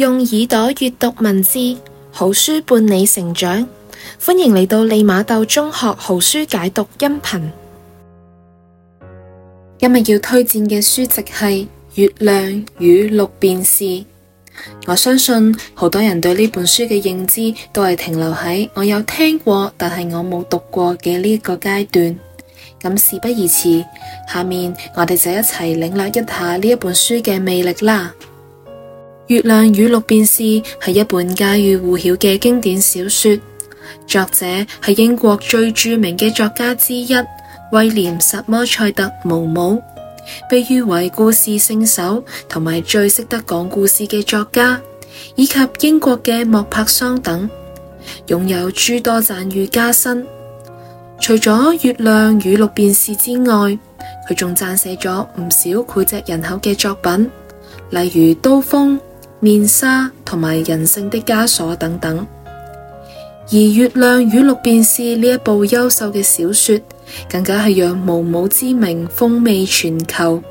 用耳朵閱讀文字，好書伴你成長。歡迎嚟到利馬竇中學好書解讀音頻。今日要推薦嘅書籍係《月亮與六便士》。我相信好多人對呢本書嘅認知都係停留喺我有聽過，但係我冇讀過嘅呢一個階段。咁事不宜遲，下面我哋就一齊領略一下呢本書嘅魅力啦。《月亮與六便士》係一本家喻戶曉嘅經典小說，作者係英國最著名嘅作家之一威廉·薩默塞特·毛姆，被譽為故事聖手同埋最識得講故事嘅作家，以及英國嘅莫泊桑等，擁有諸多讚譽加身。除咗《月亮與六便士》之外，佢仲撰寫咗唔少膾炙人口嘅作品，例如《刀鋒》。面紗同埋人性的枷鎖等等，而《月亮與六便士》呢一部優秀嘅小說，更加係讓毛姆之名風靡全球，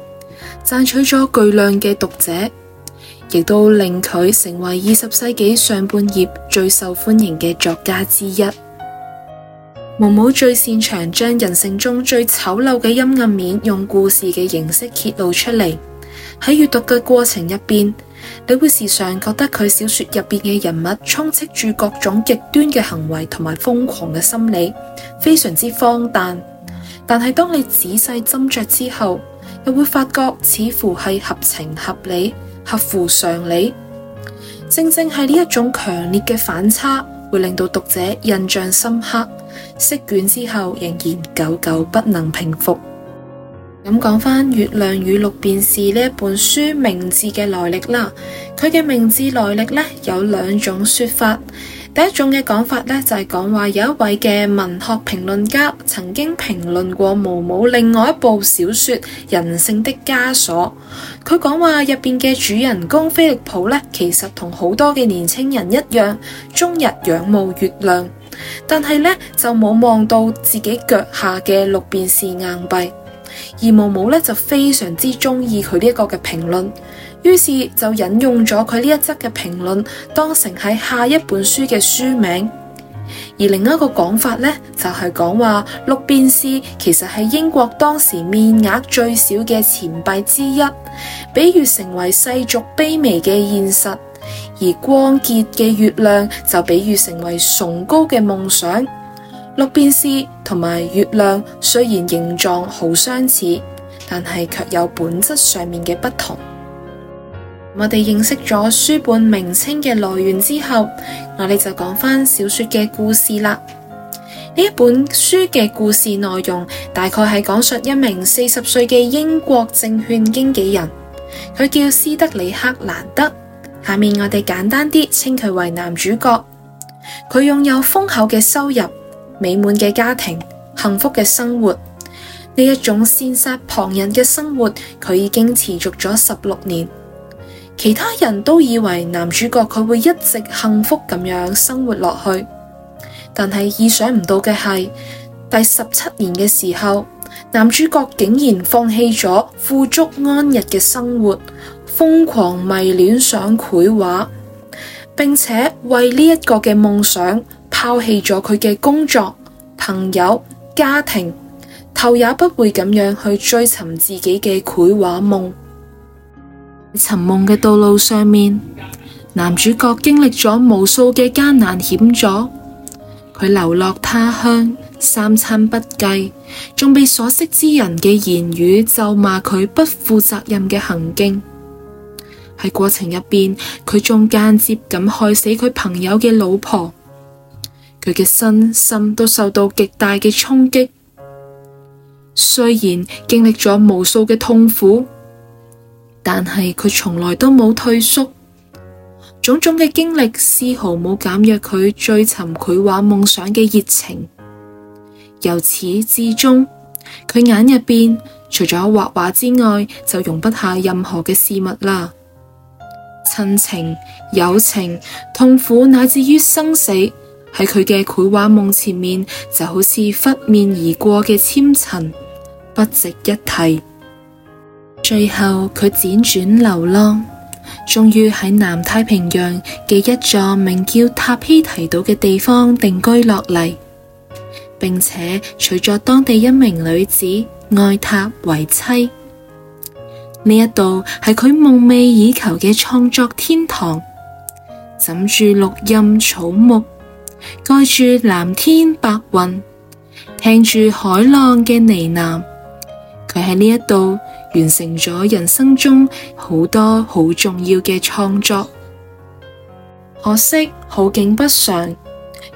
賺取咗巨量嘅讀者，亦都令佢成為二十世紀上半葉最受歡迎嘅作家之一。毛姆最擅長將人性中最醜陋嘅陰暗面，用故事嘅形式揭露出嚟。喺閱讀嘅過程入邊。你會時常覺得佢小說入邊嘅人物充斥住各種極端嘅行為同埋瘋狂嘅心理，非常之荒誕。但係當你仔細斟酌之後，又會發覺似乎係合情合理、合乎常理。正正係呢一種強烈嘅反差，會令到讀者印象深刻，釋卷之後仍然久久不能平復。咁講翻《月亮與六便士》呢本書名字嘅來歷啦，佢嘅名字來歷呢，有兩種說法。第一種嘅講法呢，就係講話有一位嘅文學評論家曾經評論過毛姆另外一部小說《人性的枷鎖》，佢講話入面嘅主人公菲利普呢，其實同好多嘅年輕人一樣，終日仰慕月亮，但係呢，就冇望到自己腳下嘅六便士硬幣。而毛姆呢，就非常之中意佢呢一個嘅評論，於是就引用咗佢呢一則嘅評論當成係下一本書嘅書名。而另一個講法呢，就係講話六便士其實係英國當時面額最少嘅錢幣之一，比喻成為世俗卑微嘅現實；而光潔嘅月亮就比喻成為崇高嘅夢想。六便士同埋月亮雖然形狀好相似，但係卻有本質上面嘅不同。 我哋認識咗書本名稱嘅來源之後，我哋就講返小說嘅故事啦。呢一 本書嘅故事內容大概係講述一名四十歲嘅英國證券經紀人，佢叫斯德里克蘭德。下面我哋簡單啲稱佢為男主角。佢擁有豐厚嘅收入，美滿嘅家庭、幸福嘅生活，呢一種羨煞旁人嘅生活，佢已經持續咗十六年。其他人都以為男主角佢會一直幸福咁樣生活落去，但係意想不到嘅係，第十七年嘅時候，男主角竟然放棄咗富足安逸嘅生活，瘋狂迷戀上繪畫，並且為呢一個嘅夢想。拋棄咗佢嘅工作、朋友、家庭，頭也不回咁樣去追尋自己嘅繪畫夢。喺尋夢嘅道路上面，男主角經歷咗無數嘅艱難險阻。佢流落他鄉，三餐不繼，仲被所識之人嘅言語咒罵，佢不負責任嘅行徑。喺過程入邊，佢仲間接咁害死佢朋友嘅老婆。佢嘅身心都受到極大嘅衝擊，雖然經歷咗無數嘅痛苦，但係佢從來都冇退縮。種種嘅經歷絲毫冇減弱佢追尋繪畫夢想嘅熱情。由始至終，佢眼入邊除咗畫畫之外，就容不下任何嘅事物啦。親情、友情、痛苦，乃至於生死。喺佢嘅繪畫夢前面，就好似拂面而過嘅纖塵，不值一提。最後，佢輾轉流浪，終於喺南太平洋嘅一座名叫塔希提島嘅地方定居落嚟，並且娶咗當地一名女子愛塔為妻。呢一度係佢夢寐以求嘅創作天堂，枕住綠蔭草木。蓋住藍天白雲，聽住海浪嘅呢喃，佢喺呢一度完成咗人生中好多好重要嘅創作。可惜好景不長，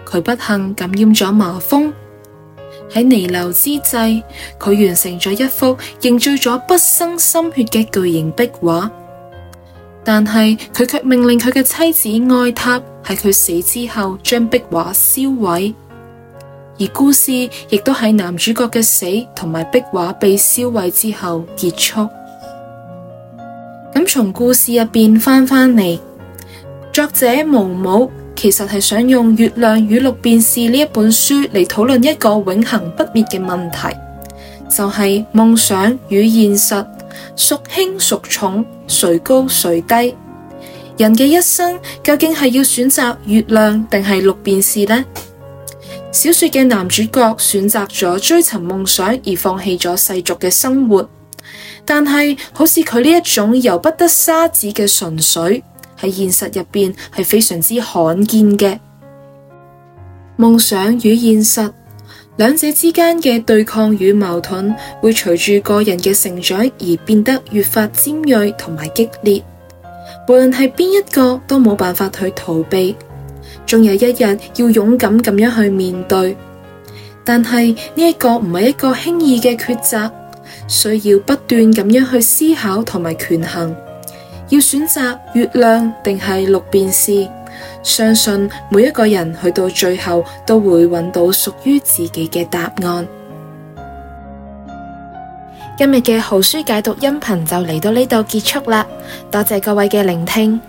佢不幸感染咗麻風。喺彌留之際，佢完成咗一幅凝聚咗畢生心血嘅巨型壁畫。但係佢卻命令佢嘅妻子愛塔喺佢死之後將壁畫燒毀，而故事亦都係男主角嘅死同埋壁畫被燒毀之後結束。咁從故事入面翻翻嚟，作者毛姆其實係想用《月亮與六便士》呢本書嚟討論一個永恆不滅嘅問題，就係夢想與現實。孰輕孰重，誰高誰低？人嘅一生究竟係要選擇月亮定係六便士呢？小說嘅男主角選擇咗追尋夢想而放棄咗世俗嘅生活，但係好似佢呢一種由不得沙子嘅純粹，喺現實入面係非常之罕見嘅。夢想與現實。兩者之間嘅對抗與矛盾會隨住個人嘅成長而變得越發尖銳同埋激烈，無論係邊一個都冇辦法去逃避，仲有一日要勇敢咁樣去面對。但係呢一個唔係一個輕易嘅抉擇，需要不斷咁樣去思考同埋權衡，要選擇月亮定係六便士。相信每一個人去到最後都會揾到屬於自己嘅答案。今日嘅好書解讀音頻就嚟到呢度結束啦，多謝各位嘅聆聽。